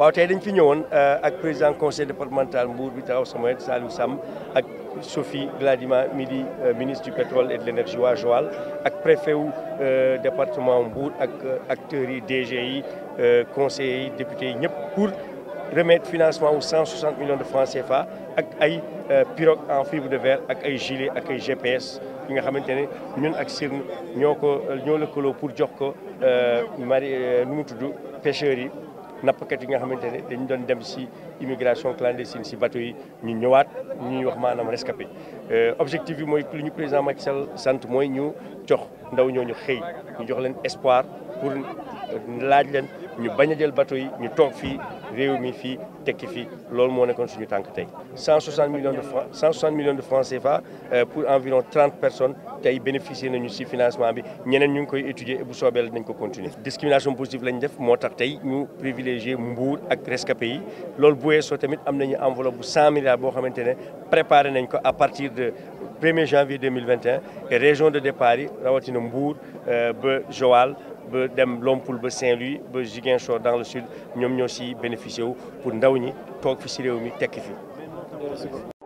Nous avons fait fi euh, conseil départemental Mbour bi Sam Sophie Gladima Midi euh, ministre du pétrole et de l'énergie waa Joal préfet du euh, département Mbour ak acteurs du DGI, conseillers députés pour remettre financement aux 160 millions de francs CFA avec des pirogues en fibre de verre avec ay gilets, avec GPS nous avons fait un ñun pour jox ko nappkat yi nga xamantene dem immigration clandestine si bateau yi ñu ñëwaat ñuy wax maanaam rescapé euh, objectif bi mooy président Macky Sall sant ñu jox ndaw ñu jox espoir pour laaj ñu baña a jël bateau yi ñu toog fi réew mi fii tekki fii loolu moo suñu tank tay 160 millions de francs 160 millions de francs CFA euh, pour environ 30 personnes tay bénéficier nañu ci financement bi ñeneen ñu ngi koy étudier bu sobel dañ ko continuer. discrimination positive lañ def moo tax tey ñu privilégier Mbour ak rescapé yi lool bu weesoo tamit am nañu enveloppe bu 100 milliards bo xamantene ne préparé nañ ko à partir de. 1er janvier 2021 et région de départ rawatine Mbour euh, be Joal de dem Lompoul Saint-Louis be dans le sud nous avons aussi bénéficié pour nous ñi fi